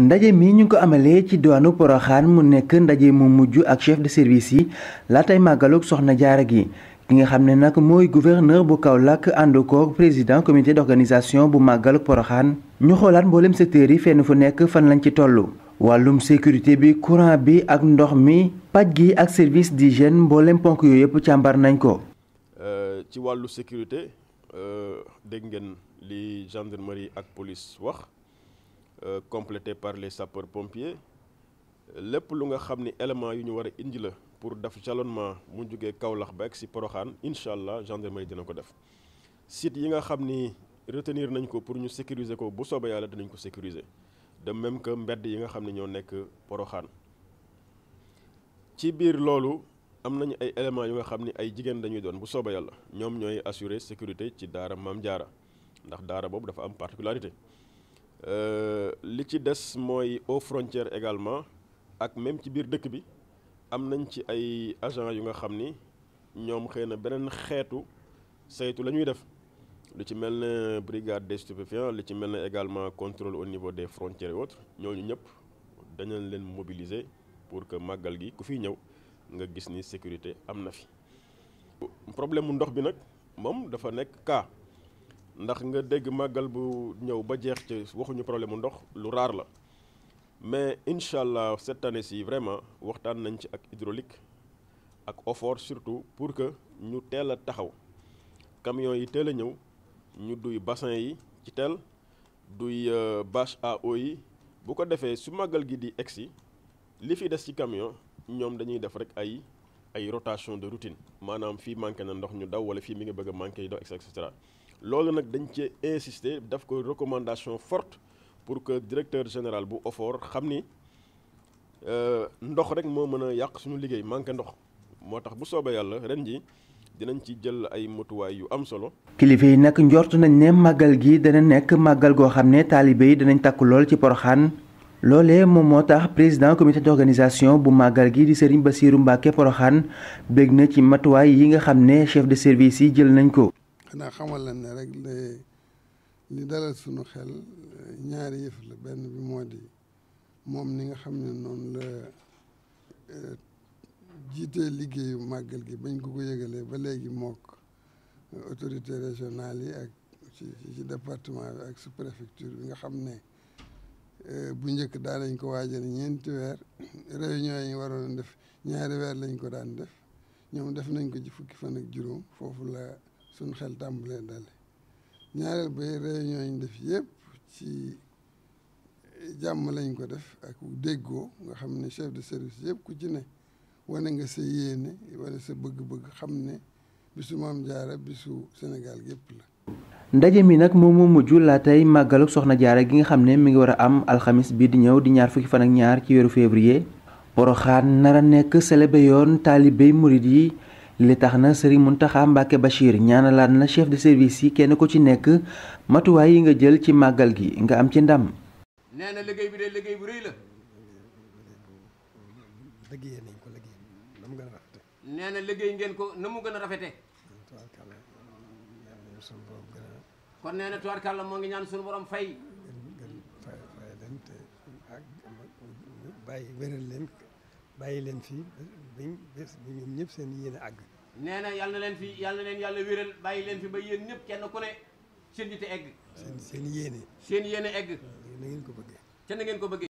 ndaje mi ñu ko amalee ci diwaanu Poroxaan mu nekk ndaje mu mujj ak chef de service yi laatay màggalug soxna jaara gi ki nga xam ne nag mooy gouverneur bu kaw Kaolack ànd ko président comité d'organisation bu màggalug Poroxaan ñu xoolaat mboolem secteur yi fenn fu nekk fan lañ ci toll. wàllum sécurité bi courant bi ak ndox mi paj gi ak service di d'hygiène mboolem ponk yooyu yëpp càmbar nañ ko. Euh, ci wàllu sécurité euh, dégg ngeen li gendarmerie ak police wax. Euh, complété par les sapeurs pompiers Lepp lu nga xamni élément yu ñu wara indi la pour daf jalonnement mu joggé Kaolack ba ak si Poroxaan Inshallah, gendarmerie dina ko def site yi nga xamni retenir nañ ko pour ñu sécuriser ko bu soba yalla dinañ ko sécuriser de même que mbedd yi nga xamni ne ñoo nekk Poroxaan ci biir loolu am nañ ay éléments yu nga xamni ay jigen dañuy doon bu soba yalla ñom ñoy assurer sécurité ci daara Mam Diara ndax daara boobu dafa am particularité Euh, li ci des mooy aux frontière également ak même ci biir dëkk bi am nañ ci ay agents yu nga xam ni ñoom xëy na beneen xeetu saytu la ñuy def lu ci mel ne brigade des stupéfiants lu ci mel ne également contrôle au niveau des frontières et autres ñooñu ñëpp dañu leen mobiliser pour que màggal gi ku fiy ñëw nga gis ni sécurité am na fi. problème mu ndox bi nag moom dafa nekk cas. ndax nga dégg màggal bu ñëw ba jeex ci waxuñu problème ndox lu raar la mais inshallah cette année ci vraiment waxtaan nañ ci ak hydraulique ak effort surtout pour que ñu teel a taxaw camion yi teel a ñëw ñu duy bassin yi ci teel duy euh, bâche à eau yi bu ko defee su màggal gi di exi li fi des ci camion ñoom dañuy def rek ay ay rotation de routine maanaam fii manqué na ndox ñu daw wala fii mi nga bëgg a manqué yi daw et cetera loolu nag dañ ci insister daf ko recommandation forte pour que directeur général bu OFOR xam ni euh, ndox rek moo mën a yàq suñu liggéey manqué ndox moo tax bu soobee yàlla ren ji dinañ ci jël ay motuwaay yu am solo. kilifa yi nag njort nañ ne màggal gi dana nekk màggal goo xam ne taalibe yi danañ takku lool ci poroxaan loolee moom moo tax président comité d'organisation bu màggal gi di Serigne Bassirou Mbacké poroxaan bég na ci matuwaay yi nga xam ne chef de service yi jël nañ ko. xanaa xamal la ne rek li dalal sunu xel ñaari yëf la benn bi moo di moom ni nga xam ne noonu la eh, jiitee liggéeyu màggal gi bañ ko ko yëgalee ba léegi mook eh, autorité régionale yi ak ci ci département bi ak sous préfecture bi nga xam ne eh, bu njëkk daan nañ ko waajal ñeenti weer réunion yi waroon def ñaari weer lañ ko daan def ñoom def nañ ko ci fukki fan ak juróom foofu la sun xel tàmbalee dale ñaareel ba réunion yi ñu def yépp ci jamm lañ ko def ak déggo nga xamné chef de service yépp ku ci né wane nga sa yéene wala sa bëgg-bëgg xam bisu mam jaara bisu Sénégal yëpp la. ndaje mi nag muju la tay magal ak soxna jaara gi nga mi ngi wara am alhamis bi di ñew di ñaar fukki fan ak ñaar ci wéru février. Poroxaan xaan nara nek célébé yoon talibé mouride yi. li tax na mun Mountakha Mbacké Bachir ñaanalaat na chef de service yi kenn ko ci nekk matuwaay yi nga jël ci màggal gi nga am ci ndàmm nee na liggéey bi de liggéey bu rëy nañ ko liggéey na mu na liggéey ngeen ko na gën a rafete kon nee na tubaarkàlla moo ngi ñaan suñu borom fay. bàyyi bàyyi leen fii bañ bés ba ñoom ñëpp seen yéen a àgg. nee na yal leen fi yàlla leen yàlla wéral bàyyi leen fi ba yéen ñëpp kenn ku ne seen nit a egg. seen seen yéene. seen yéene egg. na ngeen ko bëggee. te na ngeen ko bëggee.